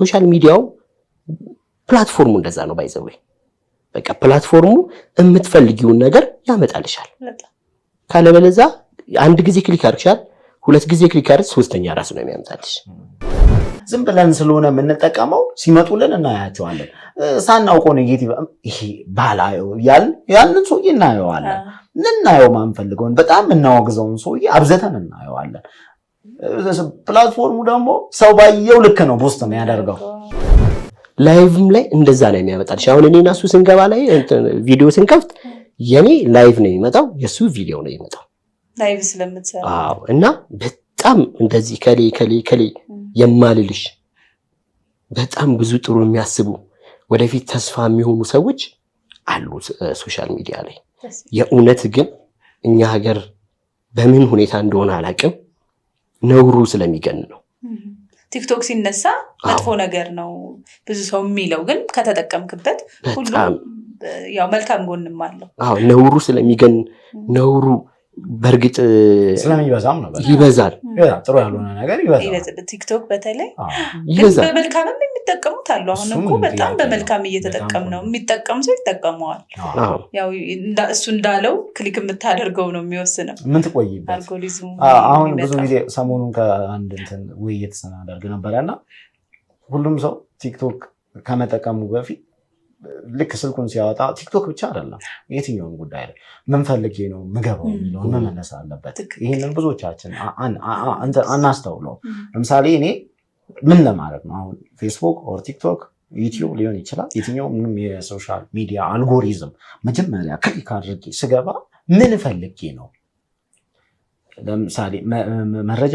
ሶሻል ሚዲያው ፕላትፎርሙ እንደዛ ነው። ባይዘዌ በቃ ፕላትፎርሙ የምትፈልጊውን ነገር ያመጣልሻል። ካለበለዛ አንድ ጊዜ ክሊክ አርግሻል፣ ሁለት ጊዜ ክሊክ አርግ፣ ሶስተኛ ራሱ ነው የሚያመጣልሽ። ዝም ብለን ስለሆነ የምንጠቀመው ሲመጡልን እናያቸዋለን። ሳናውቀው ኔጌቲቭ ይሄ ባላየው ያንን ሰውዬ እናየዋለን። ልናየው ማንፈልገውን በጣም እናወግዘውን ሰውዬ አብዘተን እናየዋለን። ፕላትፎርሙ ደግሞ ሰው ባየው ልክ ነው ፖስት የሚያደርገው። ላይቭም ላይ እንደዛ ነው የሚያመጣል። አሁን እኔ እና እሱ ስንገባ ላይ ቪዲዮ ስንከፍት የኔ ላይቭ ነው የሚመጣው፣ የእሱ ቪዲዮ ነው የሚመጣው ላይቭ ስለምትሰራ። አዎ። እና በጣም እንደዚህ ከሌ ከሌ ከሌ የማልልሽ በጣም ብዙ ጥሩ የሚያስቡ ወደፊት ተስፋ የሚሆኑ ሰዎች አሉ ሶሻል ሚዲያ ላይ። የእውነት ግን እኛ ሀገር በምን ሁኔታ እንደሆነ አላውቅም ነውሩ ስለሚገን ነው። ቲክቶክ ሲነሳ መጥፎ ነገር ነው ብዙ ሰው የሚለው ግን ከተጠቀምክበት ሁሉም ያው መልካም ጎንም አለው። ነውሩ ስለሚገን ነውሩ በእርግጥ ስለሚበዛም ነበር ይበዛል። ጥሩ ያልሆነ ነገር ይበዛል። ቲክቶክ በተለይ በመልካምም የሚጠቀሙት አሉ። አሁን እኮ በጣም በመልካም እየተጠቀም ነው። የሚጠቀም ሰው ይጠቀመዋል። ያው እሱ እንዳለው ክሊክ የምታደርገው ነው የሚወስነው። ምን ትቆይበት አሁን ብዙ ጊዜ ሰሞኑን ከአንድ እንትን ውይይት ስናደርግ ነበረ እና ሁሉም ሰው ቲክቶክ ከመጠቀሙ በፊት ልክ ስልኩን ሲያወጣ ቲክቶክ ብቻ አይደለም፣ የትኛውን ጉዳይ ላይ ምን ፈልጌ ነው ምገባው የሚለውን መመለስ አለበት። ይህንን ብዙዎቻችን አናስተውለው። ለምሳሌ እኔ ምን ለማድረግ ነው አሁን ፌስቡክ ኦር ቲክቶክ ዩቲዩብ ሊሆን ይችላል። የትኛው ምንም የሶሻል ሚዲያ አልጎሪዝም መጀመሪያ ክሊክ አድርጌ ስገባ ምን ፈልጌ ነው? ለምሳሌ መረጃ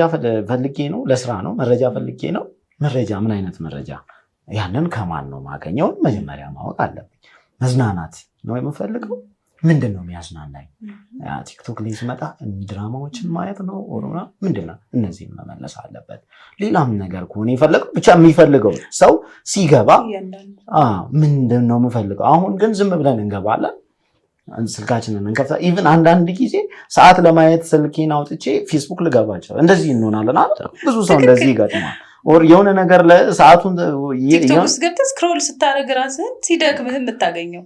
ፈልጌ ነው፣ ለስራ ነው፣ መረጃ ፈልጌ ነው። መረጃ ምን አይነት መረጃ ያንን ከማን ነው ማገኘውን መጀመሪያ ማወቅ አለብኝ። መዝናናት ነው የምፈልገው። ምንድን ነው የሚያዝናናኝ? ቲክቶክ ላይ ስመጣ ድራማዎችን ማየት ነው ኦሮና ምንድን ነው? መመለስ አለበት። ሌላም ነገር ከሆነ የፈለገው ብቻ የሚፈልገው ሰው ሲገባ ምንድን ነው የምፈልገው? አሁን ግን ዝም ብለን እንገባለን፣ ስልካችንን እንከፍታ። ኢቭን አንዳንድ ጊዜ ሰዓት ለማየት ስልኬን አውጥቼ ፌስቡክ ልገባቸው እንደዚህ እንሆናለን። ብዙ ሰው እንደዚህ ይገጥማል። የሆነ ነገር ለሰዓቱን ገብተህ ስክሮል ስታደርግ ራስህን ሲደክምህ የምታገኘው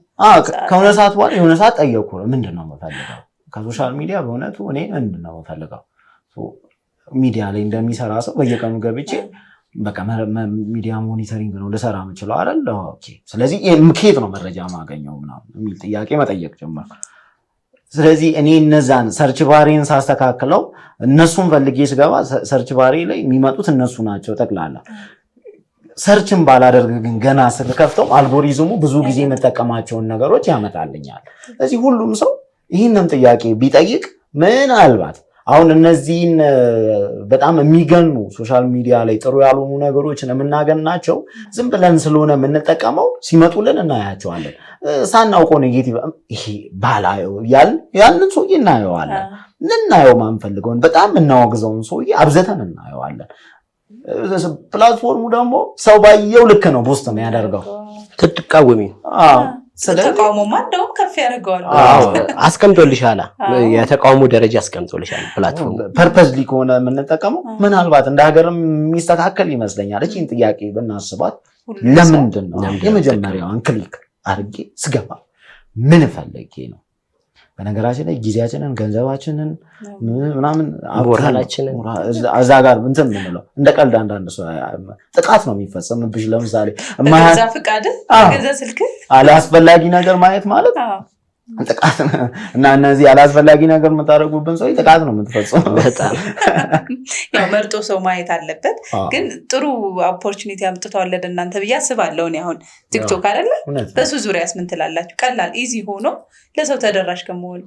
ከሆነ ሰዓት በኋላ የሆነ ሰዓት ጠየቁ ምንድን ነው የምፈልገው ከሶሻል ሚዲያ በእውነቱ እኔ ምንድን ነው የምፈልገው? ሚዲያ ላይ እንደሚሰራ ሰው በየቀኑ ገብቼ በቃ ሚዲያ ሞኒተሪንግ ነው ልሰራ የምችለው አይደል? ስለዚህ ምኬት ነው መረጃ ማገኘው ምናምን የሚል ጥያቄ መጠየቅ ጀመርኩ። ስለዚህ እኔ እነዛን ሰርች ባሬን ሳስተካክለው እነሱን ፈልጌ ስገባ ሰርች ባሬ ላይ የሚመጡት እነሱ ናቸው ጠቅላላ። ሰርችን ባላደርግ ግን ገና ስከፍተው አልጎሪዝሙ ብዙ ጊዜ የምጠቀማቸውን ነገሮች ያመጣልኛል። ስለዚህ ሁሉም ሰው ይህንም ጥያቄ ቢጠይቅ ምናልባት አሁን እነዚህን በጣም የሚገኑ ሶሻል ሚዲያ ላይ ጥሩ ያልሆኑ ነገሮችን የምናገናቸው ዝም ብለን ስለሆነ የምንጠቀመው ሲመጡልን እናያቸዋለን። ሳናውቆ ኔጌቲቭ ይሄ ባላየው ያንን ሰውዬ እናየዋለን። ልናየው ማንፈልገውን በጣም እናወግዘውን ሰውዬ አብዘተን እናየዋለን። ፕላትፎርሙ ደግሞ ሰው ባየው ልክ ነው ፖስት ነው ያደርገው ትትቃወሚ ተቃውሞማ እንደውም ከፍ ያደርገዋል። አስቀምጦልሻል፣ የተቃውሞ ደረጃ አስቀምጦልሻል። ፕላትፎርም ፐርፐዝሊ ከሆነ የምንጠቀመው ምናልባት እንደ ሀገር የሚስተካከል ይመስለኛል። እቺን ጥያቄ ብናስባት ለምንድን ነው የመጀመሪያውን ክሊክ አድርጌ ስገባ ምን ፈለጌ ነው በነገራችን ላይ ጊዜያችንን ገንዘባችንን ምናምን እዛ ጋር እንትን የምንለው እንደ ቀልድ አንዳንድ ሰው ጥቃት ነው የሚፈጸምብሽ። ለምሳሌ ፍቃድ፣ ስልክ፣ አላስፈላጊ ነገር ማየት ማለት ጥቃት እና እነዚህ አላስፈላጊ ነገር የምታደርጉብን ሰው ጥቃት ነው የምትፈጽመው። መርጦ ሰው ማየት አለበት። ግን ጥሩ ኦፖርቹኒቲ አምጥተዋል ለእናንተ ብዬ አስባለሁ። እኔ አሁን ቲክቶክ አይደለ በሱ ዙሪያስ ምን ትላላችሁ? ቀላል ኢዚ ሆኖ ለሰው ተደራሽ ከመሆኑ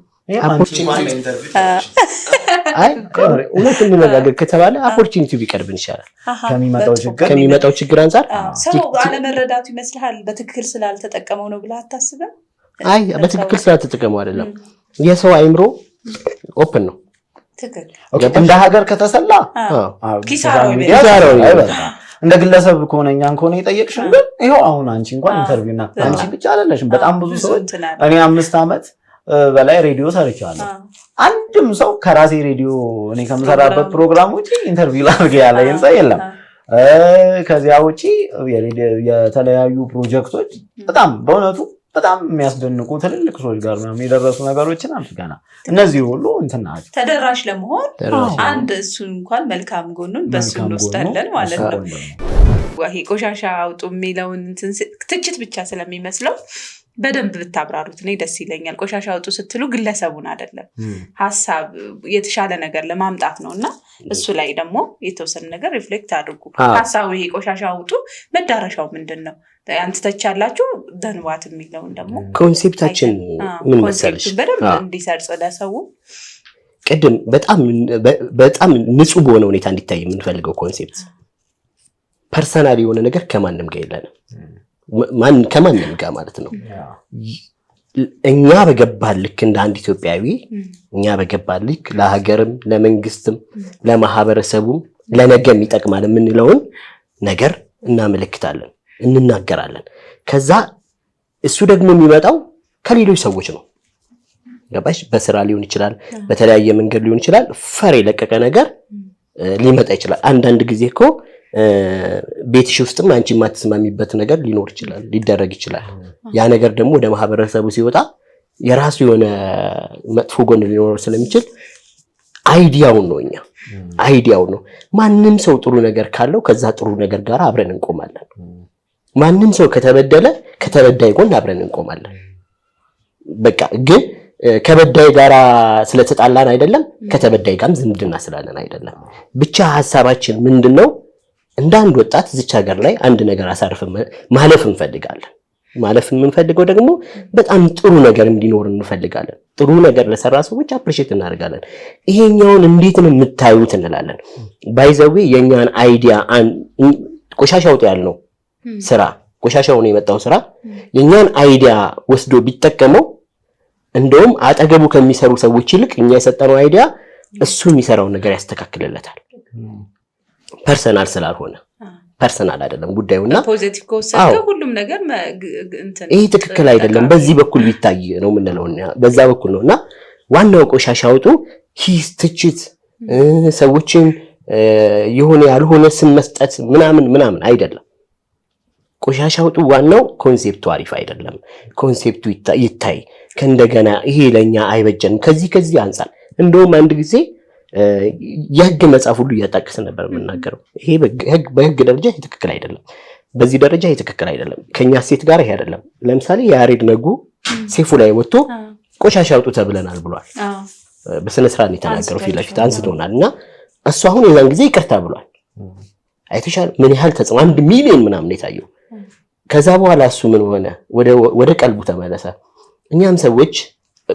እውነት እንነጋገር ከተባለ ኦፖርቹኒቲ ቢቀርብን ይሻላል ከሚመጣው ችግር አንጻር። ሰው አለመረዳቱ ይመስልሃል? በትክክል ስላልተጠቀመው ነው ብለህ አታስብም? አይ በትክክል ስላልተጠቀሙ አይደለም። የሰው አይምሮ ኦፕን ነው። እንደ ሀገር ከተሰላ እንደ ግለሰብ ከሆነ እኛን ከሆነ የጠየቅሽን ግን ይኸው አሁን አንቺ እንኳን እና አንቺ ብቻ አይደለሽም። በጣም ብዙ ሰዎች እኔ አምስት ዓመት በላይ ሬዲዮ ሰርቻለሁ። አንድም ሰው ከራሴ ሬዲዮ እኔ ከምሰራበት ፕሮግራም ውጭ ኢንተርቪው ላድርግ ያለ ሰው የለም። ከዚያ ውጪ የተለያዩ ፕሮጀክቶች በጣም በእውነቱ በጣም የሚያስደንቁ ትልልቅ ሰዎች ጋር የደረሱ ነገሮችን አድርገናል። እነዚህ ሁሉ እንትና ተደራሽ ለመሆን አንድ እሱ እንኳን መልካም ጎኑን በሱ እንወስዳለን ማለት ነው። ይሄ ቆሻሻ አውጡ የሚለውን ትችት ብቻ ስለሚመስለው በደንብ ብታብራሩት እኔ ደስ ይለኛል። ቆሻሻ አውጡ ስትሉ ግለሰቡን አይደለም ሀሳብ የተሻለ ነገር ለማምጣት ነው እና እሱ ላይ ደግሞ የተወሰነ ነገር ሪፍሌክት አድርጉ። ሀሳቡ ይሄ ቆሻሻ አውጡ መዳረሻው ምንድን ነው? አንስተች ያላችሁ ደንባት የሚለውን ደግሞ ኮንሴፕታችን ምን መሰለሽ በደንብ እንዲሰርጽ ለሰው ቅድም በጣም ንጹህ በሆነ ሁኔታ እንዲታይ የምንፈልገው ኮንሴፕት ፐርሰናል የሆነ ነገር ከማንም ጋር የለንም። ከማንም ጋር ማለት ነው። እኛ በገባን ልክ እንደ አንድ ኢትዮጵያዊ እኛ በገባን ልክ ለሀገርም፣ ለመንግስትም፣ ለማህበረሰቡም ለነገም ይጠቅማል የምንለውን ነገር እናመለክታለን። እንናገራለን። ከዛ እሱ ደግሞ የሚመጣው ከሌሎች ሰዎች ነው። ገባሽ? በስራ ሊሆን ይችላል፣ በተለያየ መንገድ ሊሆን ይችላል። ፈር የለቀቀ ነገር ሊመጣ ይችላል። አንዳንድ ጊዜ እኮ ቤትሽ ውስጥም አንቺ የማትስማሚበት ነገር ሊኖር ይችላል፣ ሊደረግ ይችላል። ያ ነገር ደግሞ ወደ ማህበረሰቡ ሲወጣ የራሱ የሆነ መጥፎ ጎን ሊኖር ስለሚችል አይዲያውን ነው እኛ አይዲያውን ነው። ማንም ሰው ጥሩ ነገር ካለው ከዛ ጥሩ ነገር ጋር አብረን እንቆማለን። ማንም ሰው ከተበደለ ከተበዳይ ጎን አብረን እንቆማለን። በቃ ግን ከበዳይ ጋር ስለተጣላን አይደለም፣ ከተበዳይ ጋርም ዝምድና ስላለን አይደለም። ብቻ ሀሳባችን ምንድን ነው? እንደ አንድ ወጣት እዚች ሀገር ላይ አንድ ነገር አሳርፍ ማለፍ እንፈልጋለን። ማለፍ የምንፈልገው ደግሞ በጣም ጥሩ ነገር እንዲኖር እንፈልጋለን። ጥሩ ነገር ለሰራ ሰዎች አፕሪሼት እናደርጋለን። ይሄኛውን እንዴት ነው የምታዩት እንላለን። ባይዘዌ የእኛን አይዲያ ቆሻሻ ውጥ ያልነው ስራ ቆሻሻ ሆኖ የመጣው ስራ የእኛን አይዲያ ወስዶ ቢጠቀመው እንደውም አጠገቡ ከሚሰሩ ሰዎች ይልቅ እኛ የሰጠነው አይዲያ እሱ የሚሰራውን ነገር ያስተካክልለታል። ፐርሰናል ስላልሆነ ፐርሰናል አይደለም ጉዳዩና፣ ሁሉም ነገር ይህ ትክክል አይደለም፣ በዚህ በኩል ቢታይ ነው የምንለው። በዛ በኩል ነው እና ዋናው ቆሻሻ አውጡ ሂስ ትችት፣ ሰዎችን የሆነ ያልሆነ ስም መስጠት ምናምን ምናምን አይደለም። ቆሻሻ አውጡ ዋናው ኮንሴፕቱ አሪፍ አይደለም። ኮንሴፕቱ ይታይ ከእንደገና ይሄ ለኛ አይበጀንም። ከዚህ ከዚህ አንጻር እንደውም አንድ ጊዜ የህግ መጽሐፍ ሁሉ እያጣቀስ ነበር የምናገረው። ይሄ በህግ ደረጃ ትክክል አይደለም፣ በዚህ ደረጃ ትክክል አይደለም፣ ከኛ ሴት ጋር ይሄ አይደለም። ለምሳሌ የአሬድ ነጉ ሴፉ ላይ ወጥቶ ቆሻሻ አውጡ ተብለናል ብሏል። በስነ ስርዓት የተናገረው ፊት ለፊት አንስቶናል እና እሱ አሁን የዛን ጊዜ ይቅርታ ብሏል። አይተሻል ምን ያህል ተጽዕኖ አንድ ሚሊዮን ምናምን የታየው ከዛ በኋላ እሱ ምን ሆነ? ወደ ቀልቡ ተመለሰ። እኛም ሰዎች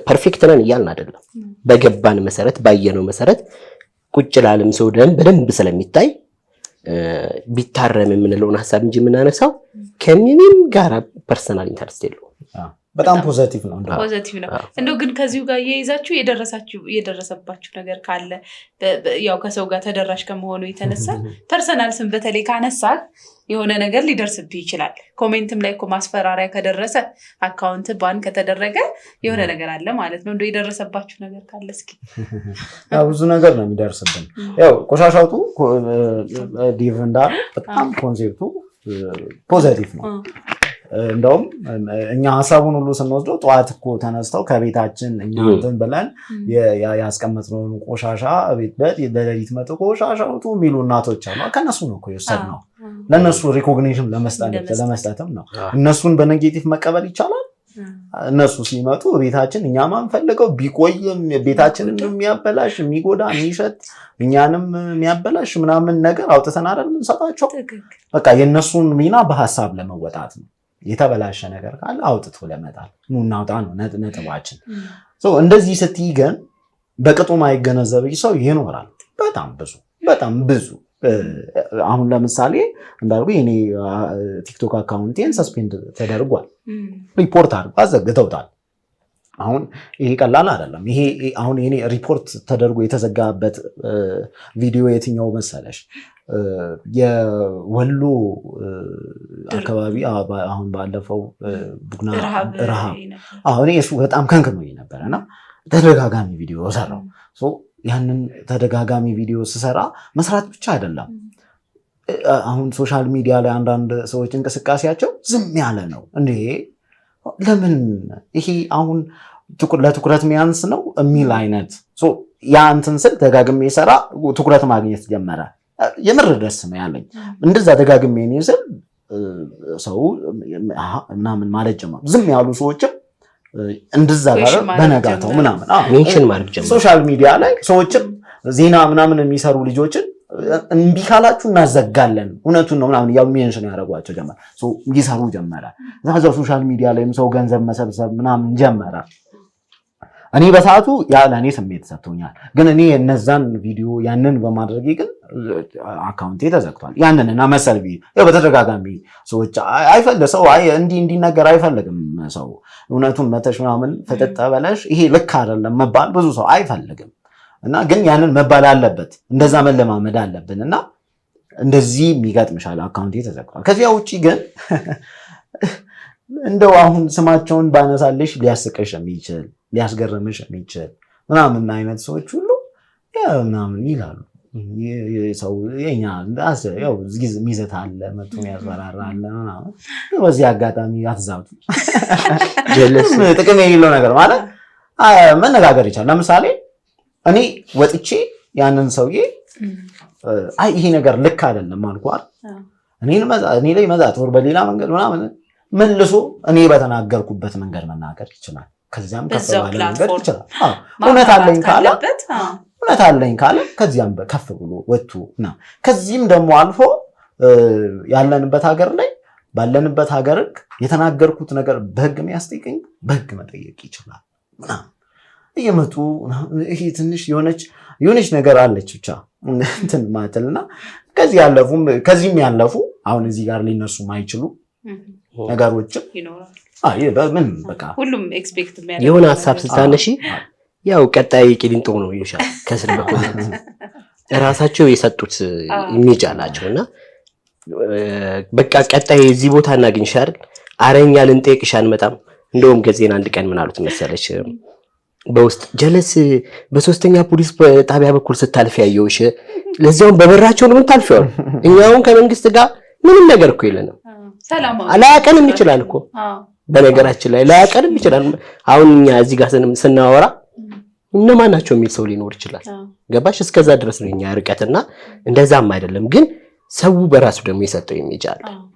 ፐርፌክት ነን እያልን አይደለም። በገባን መሰረት ባየነው መሰረት ቁጭ ላለም ሰው ደም በደንብ ስለሚታይ ቢታረም የምንለውን ሀሳብ እንጂ የምናነሳው ከምንም ጋር ፐርሰናል ኢንተረስት የለውም። በጣም ፖዘቲቭ ነው ፖዘቲቭ ነው። እንደው ግን ከዚሁ ጋር እየይዛችሁ የደረሰባችሁ ነገር ካለ ያው ከሰው ጋር ተደራሽ ከመሆኑ የተነሳ ፐርሰናል ስም በተለይ ካነሳ የሆነ ነገር ሊደርስብህ ይችላል። ኮሜንትም ላይ እኮ ማስፈራሪያ ከደረሰ አካውንት ባን ከተደረገ የሆነ ነገር አለ ማለት ነው። እንደ የደረሰባችሁ ነገር ካለ እስኪ። ብዙ ነገር ነው የሚደርስብን። ያው ቆሻሻ ዲቭ እንዳለ በጣም ኮንሴፕቱ ፖዘቲቭ ነው እንደውም እኛ ሀሳቡን ሁሉ ስንወስደው ጠዋት እኮ ተነስተው ከቤታችን እኛ እንትን ብለን ያስቀመጥነውን ቆሻሻ ለሌሊት መጡ ቆሻሻ ውጡ የሚሉ እናቶች አሉ። ከነሱ ነው እኮ ነው። ለእነሱ ሪኮግኒሽን ለመስጠትም ነው። እነሱን በኔጌቲቭ መቀበል ይቻላል። እነሱ ሲመጡ ቤታችን እኛ ማንፈልገው ቢቆይም ቤታችንን የሚያበላሽ የሚጎዳ የሚሸት እኛንም የሚያበላሽ ምናምን ነገር አውጥተን አይደል የምንሰጣቸው። በቃ የእነሱን ሚና በሀሳብ ለመወጣት ነው። የተበላሸ ነገር ካለ አውጥቶ ለመጣል ኑና ነው ነጥባችን። እንደዚህ ስትይ ግን በቅጡ ማይገነዘብ ሰው ይኖራል። በጣም ብዙ በጣም ብዙ አሁን ለምሳሌ እንዳልኩ እኔ ቲክቶክ አካውንቴን ሰስፔንድ ተደርጓል። ሪፖርት አድርጎ አዘግተውታል። አሁን ይሄ ቀላል አይደለም። ይሄ አሁን ይሄ ሪፖርት ተደርጎ የተዘጋበት ቪዲዮ የትኛው መሰለሽ? የወሎ አካባቢ አሁን ባለፈው ቡግና ረሃብ፣ አሁን እሱ በጣም ከንክኖኝ ነበረ እና ተደጋጋሚ ቪዲዮ ሰራው። ያንን ተደጋጋሚ ቪዲዮ ስሰራ መስራት ብቻ አይደለም አሁን ሶሻል ሚዲያ ላይ አንዳንድ ሰዎች እንቅስቃሴያቸው ዝም ያለ ነው እንዴ ለምን ይሄ አሁን ለትኩረት ሚያንስ ነው የሚል አይነት ያ እንትን ስል ደጋግሜ የሰራ ትኩረት ማግኘት ጀመረ። የምር ደስ ነው ያለኝ። እንደዛ ደጋግሜ እኔ ስል ሰው ምናምን ማለት ጀመሩ። ዝም ያሉ ሰዎችም እንድዛ ጋር በነጋተው ምናምን ሶሻል ሚዲያ ላይ ሰዎችም ዜና ምናምን የሚሰሩ ልጆችን እምቢ ካላችሁ እናዘጋለን እውነቱን ነው ምናምን እያሉ ሜንሽን ያደረጓቸው ጀመረ፣ ይሰሩ ጀመረ። ከዛ ሶሻል ሚዲያ ላይም ሰው ገንዘብ መሰብሰብ ምናምን ጀመረ። እኔ በሰዓቱ ያ ለእኔ ስሜት ሰጥቶኛል። ግን እኔ የነዛን ቪዲዮ ያንን በማድረጌ ግን አካውንቴ ተዘግቷል። ያንን እና መሰል በተደጋጋሚ ሰዎች አይፈልግ ሰው እንዲህ እንዲነገር አይፈልግም። ሰው እውነቱን መተሽ ምናምን ፍጥጥ በለሽ ይሄ ልክ አይደለም መባል ብዙ ሰው አይፈልግም። እና ግን ያንን መባል አለበት፣ እንደዛ መለማመድ አለብን። እና እንደዚህ የሚገጥምሻል አካውንት ተዘግቷል። ከዚያ ውጭ ግን እንደው አሁን ስማቸውን ባነሳልሽ ሊያስቀሽ የሚችል ሊያስገርምሽ የሚችል ምናምን አይነት ሰዎች ሁሉ ምናምን ይላሉ። ሰው ሚዘት አለ መቶ ያስፈራራ አለ ምናምን። በዚህ አጋጣሚ አትዛቱ። ጥቅም የሌለው ነገር ማለት መነጋገር ይቻላል። ለምሳሌ እኔ ወጥቼ ያንን ሰውዬ አይ ይሄ ነገር ልክ አይደለም አልኳል። እኔ ላይ መዛት ወር በሌላ መንገድ ምናምን መልሶ እኔ በተናገርኩበት መንገድ መናገር ይችላል። ከዚያም ከፍ ባለ መንገድ ይችላል። እውነት አለኝ ካለ እውነት አለኝ ካለ ከዚያም ከፍ ብሎ ወጥቶ ና ከዚህም ደግሞ አልፎ ያለንበት ሀገር ላይ ባለንበት ሀገር ህግ የተናገርኩት ነገር በህግ የሚያስጠይቀኝ በህግ መጠየቅ ይችላል ምናምን እየመጡ ይሄ ትንሽ የሆነች የሆነች ነገር አለች ብቻ እንትን ማትል እና ከዚህ ያለፉ ከዚህም ያለፉ አሁን እዚህ ጋር ሊነሱ ማይችሉ ነገሮችም ምን በቃ ሁሉም ኤክስፔክት የሆነ ሀሳብ ስታነሺ ያው ቀጣይ ቂሊንጦ ነው ይሻል ከስር በኩል ራሳቸው የሰጡት ኢሜጅ ናቸው እና በቃ ቀጣይ እዚህ ቦታ እናግኝሻል፣ አረኛ ልንጠይቅሽ አንመጣም። እንደውም ገዜን አንድ ቀን ምን አሉት መሰለች በውስጥ ጀለስ በሶስተኛ ፖሊስ ጣቢያ በኩል ስታልፍ ያየውሽ ለዚያውም በበራቸው ነው የምታልፊው። እኛውን ከመንግስት ጋር ምንም ነገር እኮ የለንም። ላያቀንም ይችላል እኮ በነገራችን ላይ ላያቀንም ይችላል። አሁን እኛ እዚህ ጋር ስናወራ እነማን ናቸው የሚል ሰው ሊኖር ይችላል። ገባሽ? እስከዛ ድረስ ነው እኛ ርቀትና እንደዛም አይደለም ግን ሰው በራሱ ደግሞ የሰጠው የሚጃል